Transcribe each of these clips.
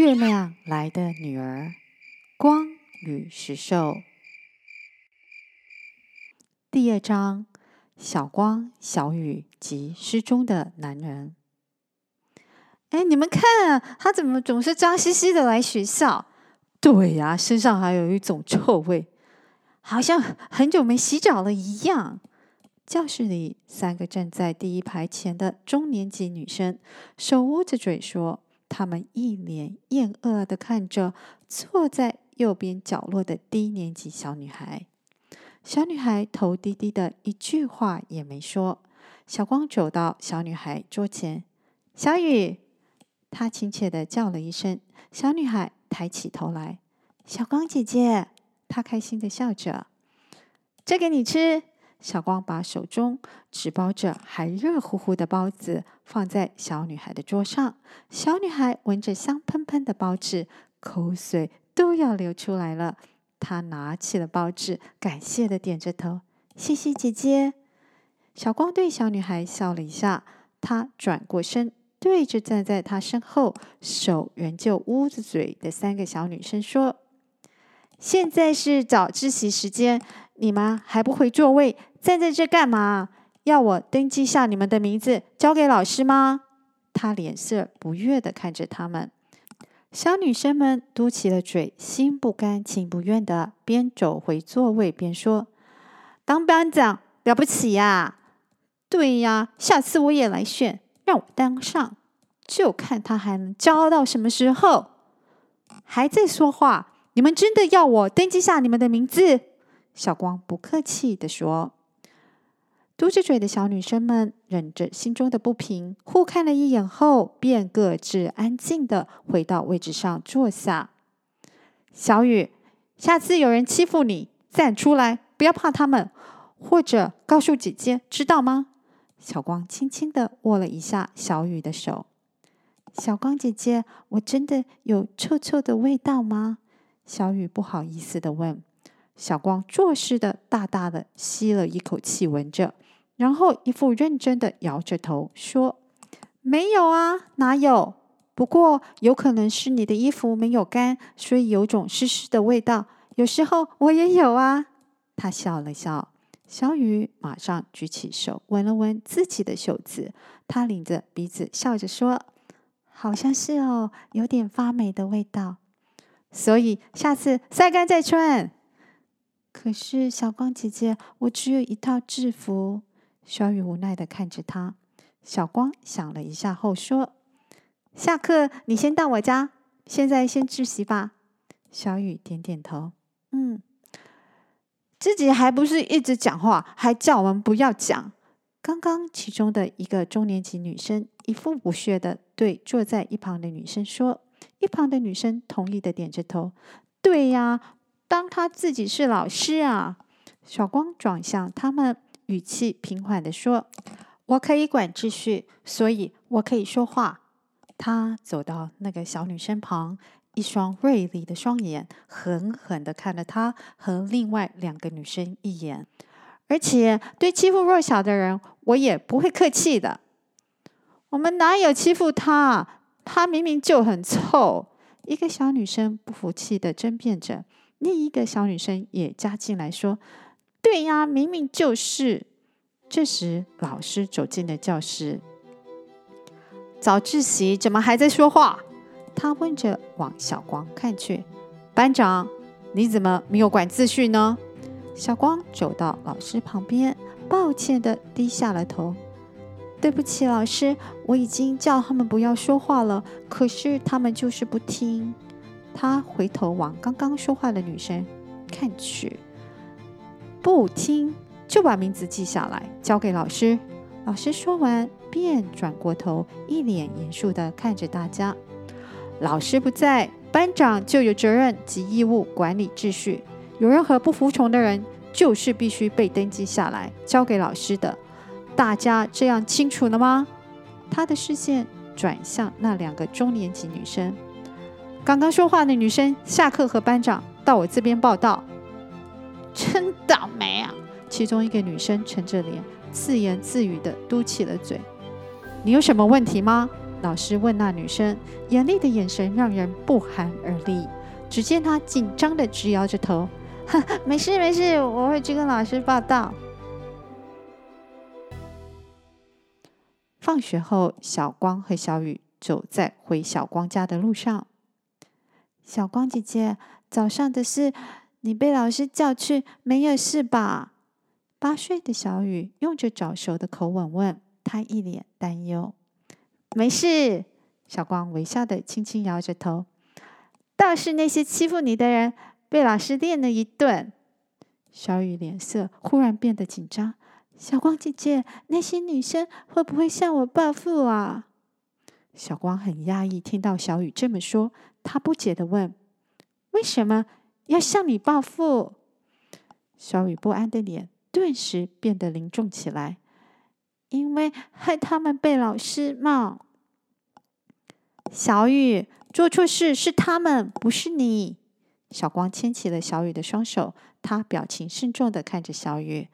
《月亮來的女兒》光與石獸第二章：小光、小雨及失蹤的男人。哎，你們看啊，他怎麼總是髒兮兮的來學校？對呀，身上還有一種臭味，好像很久沒洗澡了一樣。教室裡，三個站在第一排前的中年級女生手捂着嘴說。她們一臉厭惡的看着，坐在右邊角落的低年級小女孩。小女孩頭低低的，一句話也沒說。小光走到小女孩桌前，小雨，她親切的叫了一聲。小女孩抬起頭來，小光姐姐，她開心的笑着，這給你吃。小光把手中紙包着還熱乎乎的包子放在小女孩的桌上。小女孩聞着香噴噴的包子，口水都要流出來了。她拿起了包子，感謝的點着頭：“謝謝姐姐，姐。”小光對小女孩笑了一下，她轉過身，對着站在她身後手仍舊捂着嘴的三個小女生說：“現在是早自習時間，你們還不回座位？”站在這幹嘛？要我登記下你們的名字交給老師嗎？她臉色不悅的看着他們。小女生們嘟起了嘴，心不甘情不願的邊走回座位邊說：“當班長了不起呀！”“對呀，下次我也來選，讓我當上，就看他還能驕傲到什麼時候！”還在說話？你們真的要我登記下你們的名字？小光不客氣地說。嘟着嘴的小女生們忍着心中的不平，互看了一眼後，便各自安靜的回到位置上坐下。小雨，下次有人欺負你，站出來，不要怕他們，或者告訴姐姐，知道嗎？小光輕輕的握了一下小雨的手。小光姐姐，我真的有臭臭的味道嗎？小雨不好意思的問。小光作勢的大大的吸了一口氣，聞着。然後，一副認真的搖着頭說：“沒有啊，哪有？不過，有可能是你的衣服沒有乾，所以有種濕濕的味道。有時候我也有啊。”她笑了笑。小雨馬上舉起手，聞了聞自己的袖子，她領着鼻子，笑着說：“好像是哦，有點發霉的味道。所以下次曬乾再穿。”可是，小光姐姐，我只有一套制服。小雨無奈的看着她，小光想了一下後說：“下課你先到我家，現在先自習吧。”小雨點點頭，嗯，自己還不是一直講話，還叫我們不要講。剛剛其中的一個中年級女生一副不屑的對坐在一旁的女生說：“一旁的女生同意的點着頭，對呀，當她自己是老師啊。”小光轉向她們語氣平緩的說：“我可以管秩序，所以我可以說話。”他走到那個小女生旁，一雙銳利的雙眼狠狠的看了她和另外兩個女生一眼，而且對欺負弱小的人，我也不會客氣的。我們哪有欺負她？她明明就很臭。一個小女生不服氣的爭辯着，另一個小女生也加進來說。對呀，明明就是。這時，老師走進了教室。早自習怎麼還在說話？他問着，往小光看去。班長，你怎麼沒有管秩序呢？小光走到老師旁邊，抱歉地低下了頭。對不起，老師，我已經叫他們不要說話了，可是他們就是不聽。他回頭往剛剛說話的女生看去。不聽，就把名字記下來，交給老師。老師說完，便轉過頭，一臉嚴肅地看着大家。老師不在，班長就有責任及義務管理秩序。有任何不服從的人，就是必須被登記下來，交給老師的。大家這樣清楚了嗎？他的視線轉向那兩個中年級女生。剛剛說話的女生，下課和班長到我這邊報到。真倒霉啊！其中一個女生沉着臉，自言自語的嘟起了嘴。你有什麼問題嗎？老師問那女生，嚴厲的眼神讓人不寒而慄。只見她緊張的直搖着頭，呵，沒事沒事，我會去跟老師報到。放學後，小光和小雨走在回小光家的路上。小光姐姐，早上的事。你被老師叫去沒有事吧？八歲的小雨用着早熟的口吻問她，她一臉擔憂。沒事，小光微笑的輕輕搖着頭。倒是那些欺負你的人被老師練了一頓。小雨臉色忽然變得緊張。小光姐姐，那些女生會不會向我報復啊？小光很訝異聽到小雨這麼說，她不解的問：“為什麼？”要向你報復，小雨不安的臉頓時變得凝重起來，因為害他們被老師罵。小雨做錯事是他們，不是你。小光牽起了小雨的雙手，他表情慎重的看着小雨，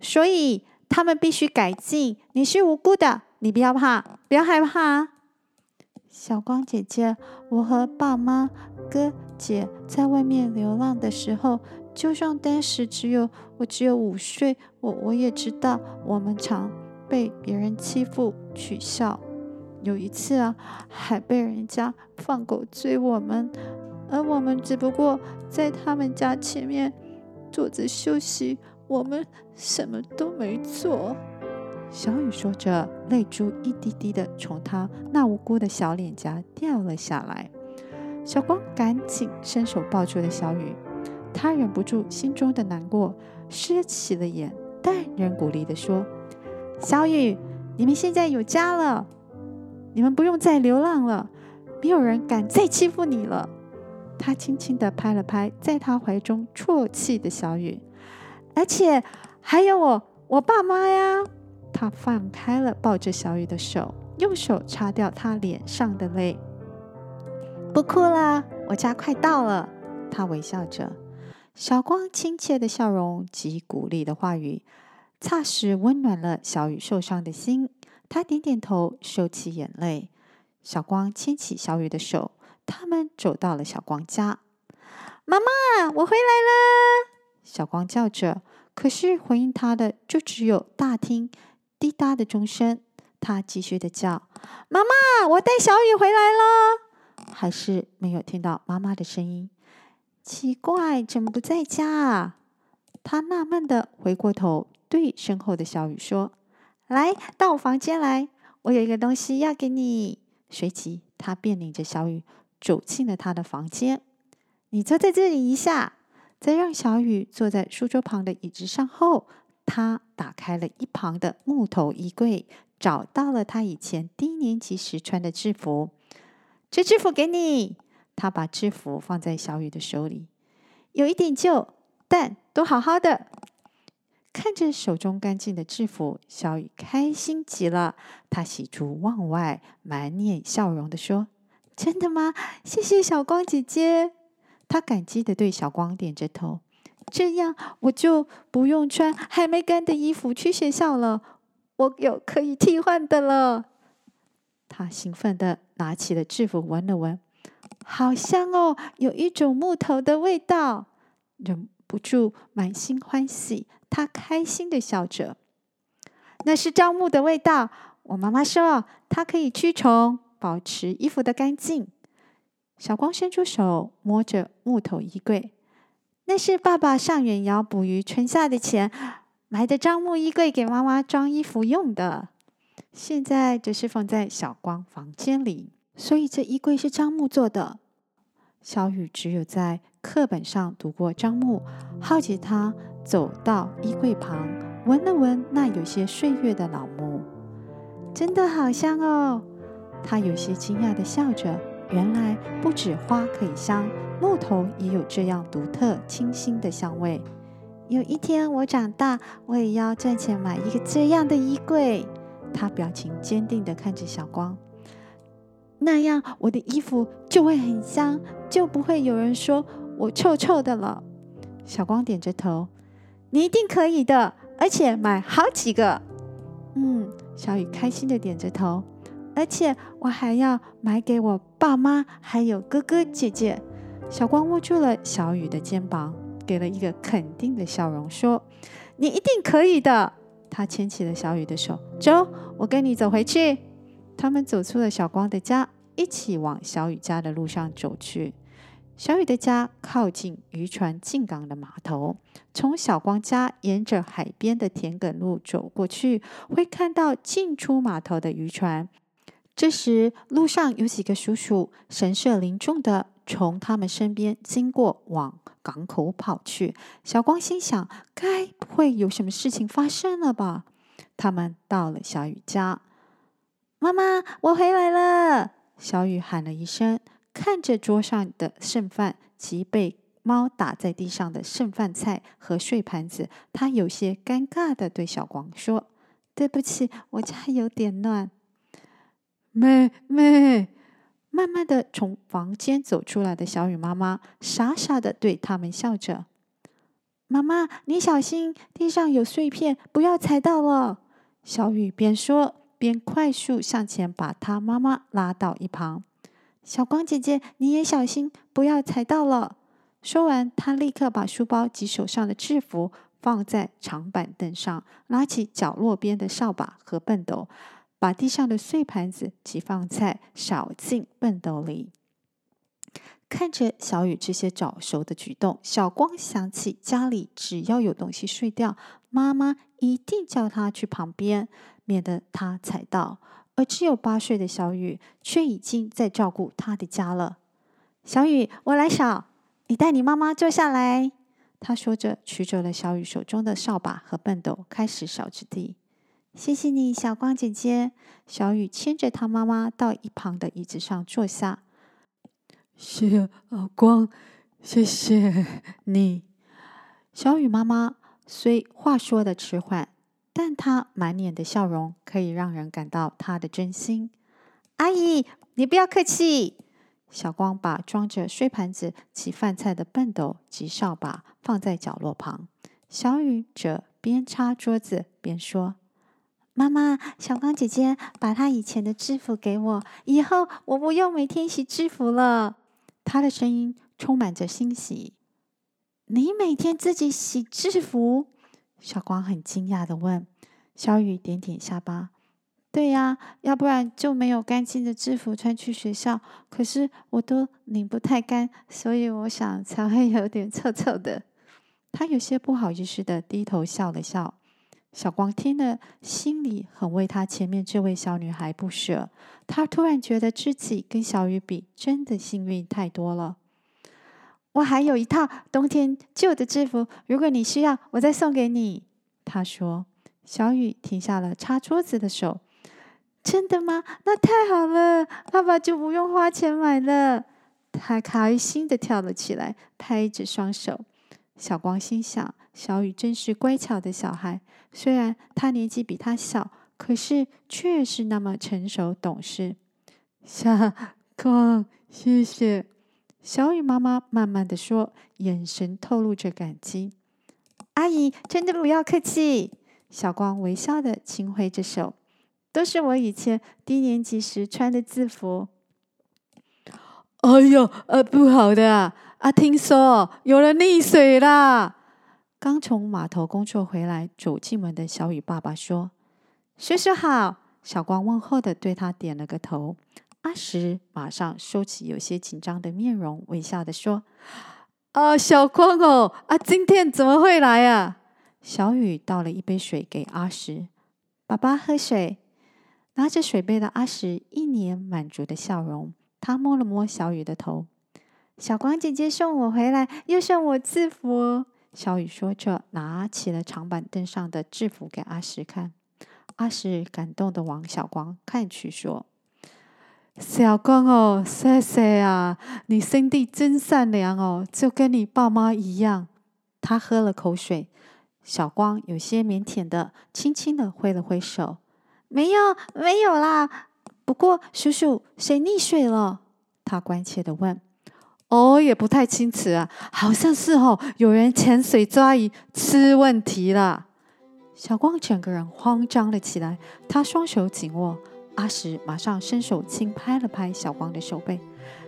所以他們必須改進。你是無辜的，你不要怕，不要害怕。小光姐姐，我和爸媽、哥姐在外面流浪的時候，就算當時只有我只有五歲，我我也知道我們常被別人欺負取笑。有一次啊，還被人家放狗追我們，而我們只不過在他們家前面坐着休息，我們什麼都沒做。小雨說着，淚珠一滴滴的從她那無辜的小臉頰掉了下來。小光趕緊伸手抱住了小雨，他忍不住心中的難過，濕起了眼，但仍鼓勵的說：“小雨，你們現在有家了，你們不用再流浪了，沒有人敢再欺負你了。”他輕輕的拍了拍在他懷中啜泣的小雨，而且還有我，我爸媽呀。他放開了抱着小雨的手，用手擦掉她臉上的淚。不哭啦，我家快到了。他微笑着。小光親切的笑容及鼓勵的話語，霎時溫暖了小雨受傷的心。他點點頭，收起眼淚。小光牽起小雨的手，他們走到了小光家。媽媽，我回來啦！小光叫着，可是回應他的就只有大廳滴答的鐘聲，他繼續的叫：“媽媽，我帶小雨回來了。”還是沒有聽到媽媽的聲音，奇怪，怎麼不在家啊？他納悶的回過頭，對身後的小雨說：“來，到我房間來，我有一個東西要給你。”隨即，他便領着小雨走進了他的房間。你坐在這裡一下。再讓小雨坐在書桌旁的椅子上後，他打開了一旁的木頭衣櫃，找到了他以前低年級時穿的制服。這制服給你，他把制服放在小雨的手裡。有一點舊，但都好好的。看着手中乾淨的制服，小雨開心極了。他喜出望外，滿臉笑容的說：“真的嗎？謝謝小光姐姐。”他感激的對小光點着頭。這樣我就不用穿還沒乾的衣服去學校了，我有可以替換的了。她興奮地拿起了制服，聞了聞，好香哦，有一種木頭的味道，忍不住滿心歡喜。她開心地笑着，那是樟木的味道。我媽媽說，它可以驅蟲，保持衣服的乾淨。小光伸出手摸着木頭衣櫃。那是爸爸上遠洋捕魚存下的錢，買的樟木衣櫃給媽媽裝衣服用的。現在就是放在小光房間裡，所以這衣櫃是樟木做的。小雨只有在課本上讀過樟木，好奇她走到衣櫃旁，聞了聞那有些歲月的老木，真的好香哦。她有些驚訝地笑着，原來不止花可以香。木頭也有這樣獨特、清新的香味。有一天我長大，我也要賺錢買一個這樣的衣櫃。他表情堅定的看着小光，那樣我的衣服就會很香，就不會有人說我臭臭的了。小光點着頭，你一定可以的，而且買好幾個。嗯，小雨開心的點着頭，而且我還要買給我爸媽，還有哥哥姐姐。小光握住了小雨的肩膀，給了一個肯定的笑容，說：“你一定可以的。”他牽起了小雨的手，走，我跟你走回去。他們走出了小光的家，一起往小雨家的路上走去。小雨的家靠近漁船進港的碼頭，從小光家沿着海邊的田埂路走過去，會看到進出碼頭的漁船。這時，路上有幾個叔叔神色凝重地，從他們身邊經過，往港口跑去。小光心想：該不會有什麼事情發生了吧？他們到了小雨家，媽媽，我回來了。小雨喊了一聲，看着桌上的剩飯及被貓打在地上的剩飯菜和碎盤子，她有些尷尬地對小光說：“對不起，我家有點亂。”妹妹。慢慢的從房間走出來的小雨媽媽，傻傻的對他們笑着：“媽媽，你小心，地上有碎片，不要踩到了。”小雨邊說邊快速向前，把他媽媽拉到一旁：“小光姐姐，你也小心，不要踩到了。”說完，他立刻把書包及手上的制服放在長板凳上，拿起角落邊的掃把和畚斗。把地上的碎盤子及飯菜掃進畚斗裡。看着小雨這些早熟的舉動，小光想起家裡只要有東西碎掉，媽媽一定叫他去旁邊，免得他踩到。而只有八歲的小雨，卻已經在照顧他的家了。小雨，我來掃，你帶你媽媽坐下來。他說着，取走了小雨手中的掃把和畚斗，開始掃着地。謝謝你，小光姐姐。小雨牽着她媽媽到一旁的椅子上坐下，謝阿啊，光，謝謝你。小雨媽媽雖話說的遲緩，但她滿臉的笑容可以讓人感到她的真心。阿姨，你不要客氣。小光把裝着碎盤子及飯菜的畚斗及掃把放在角落旁，小雨則邊擦桌子邊說。媽媽，小光姐姐把她以前的制服給我，以後我不用每天洗制服了。她的聲音充滿着欣喜。你每天自己洗制服？小光很驚訝的問。小雨點點下巴，對呀，要不然就沒有乾淨的制服穿去學校。可是我都擰不太乾，所以我想才會有點臭臭的。她有些不好意思的低頭笑了笑。小光聽了，心裡很為她前面這位小女孩不舍。她突然覺得自己跟小雨比，真的幸運太多了。“我還有一套冬天舊的制服，如果你需要，我再送給你。”她說。小雨停下了擦桌子的手，“真的嗎？那太好了！爸爸就不用花錢買了。”她開心的跳了起來，拍着雙手。小光心想：小雨真是乖巧的小孩。雖然他年紀比他小，可是卻是那麼成熟懂事。小光，謝謝。小雨媽媽慢慢的說，眼神透露着感激。阿姨，真的不要客氣。小光微笑的輕揮着手，都是我以前低年級時穿的制服。哎喲，呃、啊，不好的啊，啊，聽說有人溺水了。剛從碼頭工作回來，走進門的小雨爸爸說：“叔叔好。”小光問候的對他點了個頭。阿石馬上收起有些緊張的面容，微笑的說：“啊，小光哦，啊，今天怎麼會來啊？”小雨倒了一杯水給阿石：“爸爸喝水。”拿着水杯的阿石一臉滿足的笑容，他摸了摸小雨的頭：“小光姐姐送我回來，又送我祝福。”小雨說着，拿起了長板凳上的制服給阿石看。阿石感動的往小光看去，說：“小光哦，謝謝啊，你心地真善良哦，就跟你爸媽一樣。”他喝了口水。小光有些靦腆的，輕輕的揮了揮手：“沒有，沒有啦。不過，叔叔，誰溺水了？”她關切的問。哦，也不太清楚啊，好像是哦，有人潛水抓魚出問題了。小光整個人慌張了起來，他雙手緊握。阿石馬上伸手輕拍了拍小光的手背：“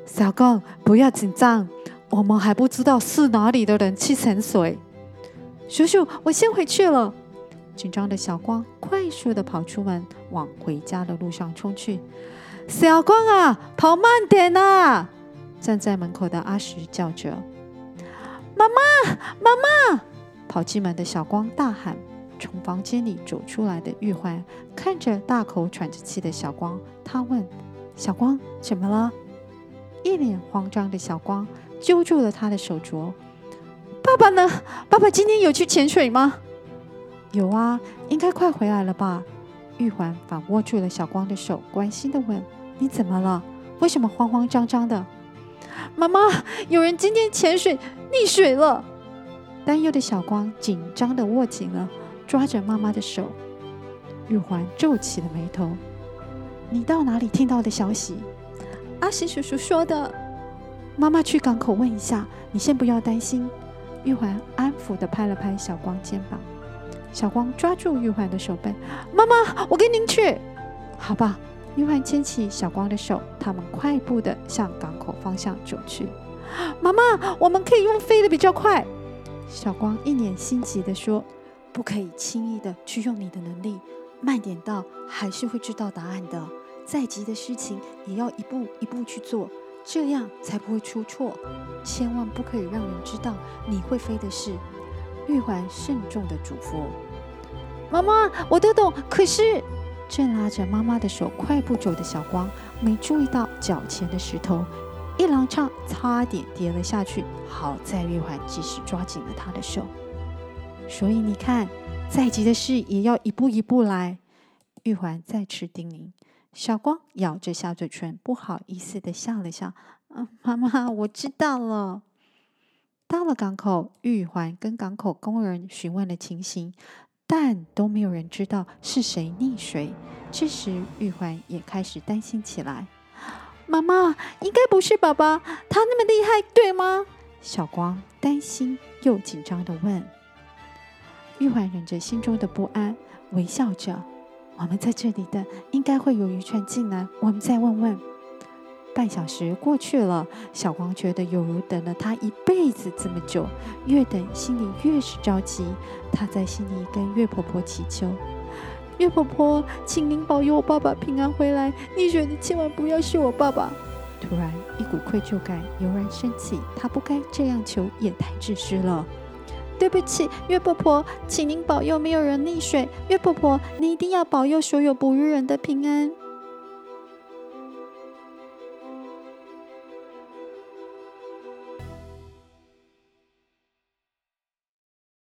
小光，不要緊張，我們還不知道是哪裡的人去潛水。”叔叔，我先回去了。緊張的小光快速的跑出門，往回家的路上衝去。小光啊，跑慢點吶、啊！站在門口的阿石叫着：“媽媽，媽媽！”跑進門的小光大喊。從房間裡走出來的玉環看着大口喘着氣的小光，她問：“小光，怎麼了？”一臉慌張的小光揪住了她的手鐲：“爸爸呢？爸爸今天有去潛水嗎？”“有啊，應該快回來了吧。”玉環反握住了小光的手，關心的問：“你怎麼了？為什麼慌慌張張的？”媽媽，有人今天潛水溺水了。」擔憂的小光緊張的握緊了抓着媽媽的手，玉環皺起了眉頭。「你到哪裡聽到的消息？」「阿石叔叔說的。」「媽媽去港口問一下，你先不要擔心。」玉環安撫的拍了拍小光肩膀。小光抓住玉環的手背，「媽媽，我跟您去，好吧。」玉環牽起小光的手，他們快步地向港口方向走去。媽媽，我們可以用飛的比較快。小光一臉心急地說：“不可以輕易地去用你的能力，慢點到還是會知道答案的。再急的事情也要一步一步去做，這樣才不會出錯。千萬不可以讓人知道你會飛的事。”玉環慎重的囑咐：“媽媽，我都懂，可是……”正拉着媽媽的手快步走的小光，沒注意到腳前的石頭，一踉蹌，差點跌了下去。好在玉環及時抓緊了她的手。所以你看，再急的事也要一步一步來。玉環再次叮嚀。小光咬着下嘴唇，不好意思地笑了笑。嗯、啊，媽媽，我知道了。到了港口，玉環跟港口工人詢問了情形。但都沒有人知道是誰溺水。這時，玉環也開始擔心起來：“媽媽，應該不是爸爸，他那麼厲害，對嗎？”小光擔心又緊張地問。玉環忍着心中的不安，微笑着：“我們在這裡的，應該會有漁船進來，我們再問問。”半小時過去了，小光覺得猶如等了他一輩子這麼久，越等心裡越是着急。他在心裡跟月婆婆祈求：“月婆婆，請您保佑我爸爸平安回來，溺水的千萬不要是我爸爸。”突然，一股愧疚感油然升起，他不該這樣求，也太自私了。對不起，月婆婆，請您保佑沒有人溺水。月婆婆，你一定要保佑所有捕魚人的平安。